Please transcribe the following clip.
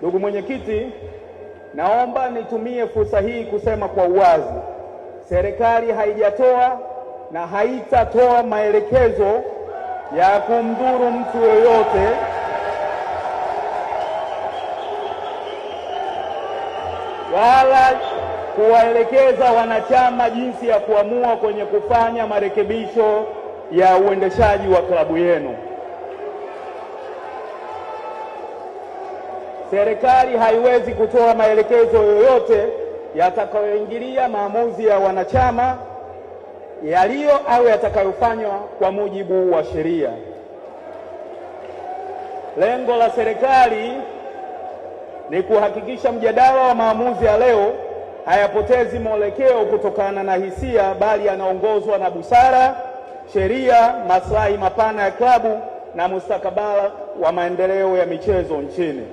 Ndugu mwenyekiti, naomba nitumie fursa hii kusema kwa uwazi, serikali haijatoa na haitatoa maelekezo ya kumdhuru mtu yoyote wala kuwaelekeza wanachama jinsi ya kuamua kwenye kufanya marekebisho ya uendeshaji wa klabu yenu. serikali haiwezi kutoa maelekezo yoyote yatakayoingilia maamuzi ya wanachama yaliyo au yatakayofanywa kwa mujibu wa sheria. Lengo la serikali ni kuhakikisha mjadala wa maamuzi ya leo hayapotezi mwelekeo kutokana na hisia, bali yanaongozwa na busara, sheria, maslahi mapana ya klabu na mustakabala wa maendeleo ya michezo nchini.